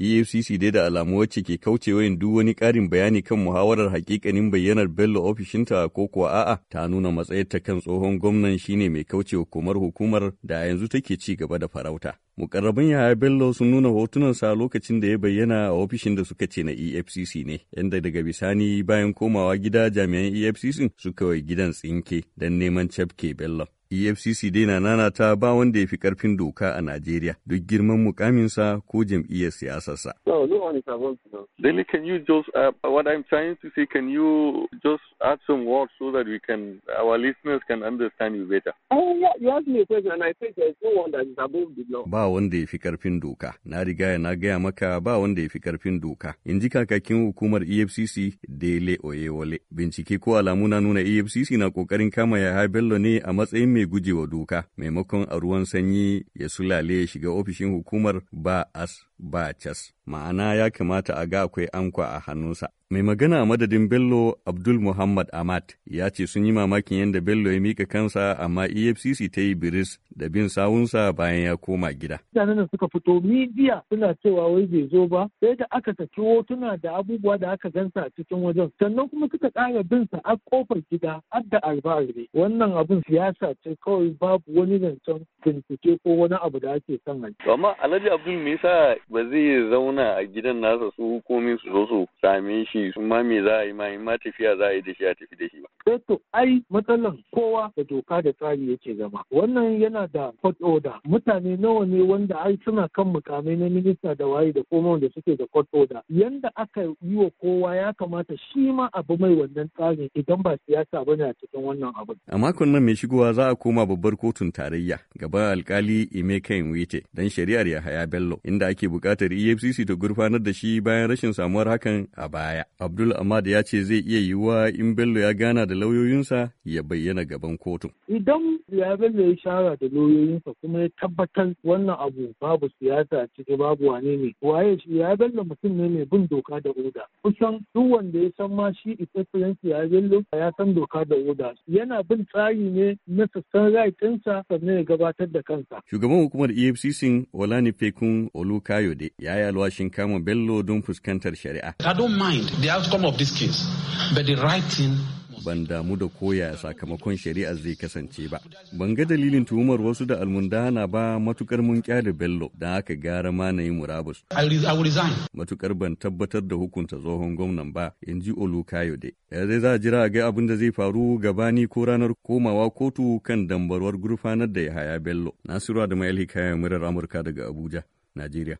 EFCC dai da alamu wacce ke kaucewa yin duk wani ƙarin bayani kan muhawarar hakikanin bayyanar Bello ofishinta ko kuwa a'a ta nuna matsayarta kan tsohon gwamnan shine mai kaucewa komar hukumar da yanzu take ci gaba da farauta. Mukarrabin Yahaya Bello sun nuna hotunan sa lokacin da ya bayyana a ofishin da suka ce na EFCC ne, yadda daga bisani bayan komawa gida jami'an EFCC suka wai gidan tsinke don neman cafke Bello. EFCC dai na nana ta ba wanda ya fi karfin doka a Najeriya duk girman mukaminsa ko jam'iyyar siyasarsa. No, can you just, uh, what I'm trying Ba wanda ya fi karfin doka. Na riga na gaya maka ba wanda ya fi karfin doka. In ji kakakin hukumar EFCC Dele Oyewole. Bincike ko alamu na nuna EFCC na kokarin kama ya Bello ne a matsayin mai gujewa doka maimakon a ruwan sanyi ya sulale ya shiga ofishin hukumar ba as ba cas ma'ana ya kamata a ga akwai ankwa a hannunsa mai magana a madadin bello abdul muhammad ahmad ya ce sun yi mamakin yadda bello ya mika kansa amma efcc ta yi biris da bin sawunsa bayan ya koma gida mutanen da suka fito midiya suna cewa wai bai zo ba sai da aka saki hotuna da abubuwa da aka gansa a cikin wajen sannan kuma suka kara bin sa a kofar gida har da arba wannan abin siyasa ce kawai babu wani zancen bincike ko wani abu da ake son amma alhaji abdul me yasa ba zai zauna a gidan nasa su komin su zo su same shi su ma me za a yi ma in ma tafiya za a yi da shi a tafi da shi ba sai to ai matsalan kowa da doka da tsari yake zama wannan yana da court order mutane nawa ne wanda ai suna kan mukamai na minista da waye da kuma wanda suke da court order yanda aka yi wa kowa ya kamata shi ma abu mai wannan tsarin idan ba siyasa bane a cikin wannan abu a makon nan mai shigowa za a koma babbar kotun tarayya gaba alkali Emeka Nwite dan shari'ar Yahaya Bello inda ake buƙatar EFCC ta gurfanar da shi bayan rashin samuwar hakan a baya Abdul Ahmad ya ce zai iya yiwuwa in Bello ya gana da lauyoyinsa ya bayyana gaban kotun. Idan ya bello ya shara da lauyoyinsa kuma ya tabbatar wannan abu babu siyasa cikin babu wane ne. Waye shi ya bello mutum ne mai bin doka da oda. Kusan duk wanda ya san ma shi excellency ya bello ya san doka da oda. Yana bin tsari ne na sassan rai ɗinsa sannan ya gabatar da kansa. Shugaban hukumar EFCC Olani Fekun Olukayode ya yi alwashin kama bello don fuskantar shari'a. I don't mind the outcome of this case, but the right thing ban damu da koya sakamakon shari'ar zai kasance ba. Ban ga dalilin tuhumar wasu da almundana ba matukar mun kyale Bello da aka gara ma na yi murabus. Matukar ban tabbatar da hukunta tsohon gwamnan ba, in ji olu ya zai za a jira a ga abin da zai faru gabani ko ranar komawa kotu kan dambarwar gurfanar da ya haya Bello. Nasiru da mai kayan murar Amurka daga Abuja, Najeriya.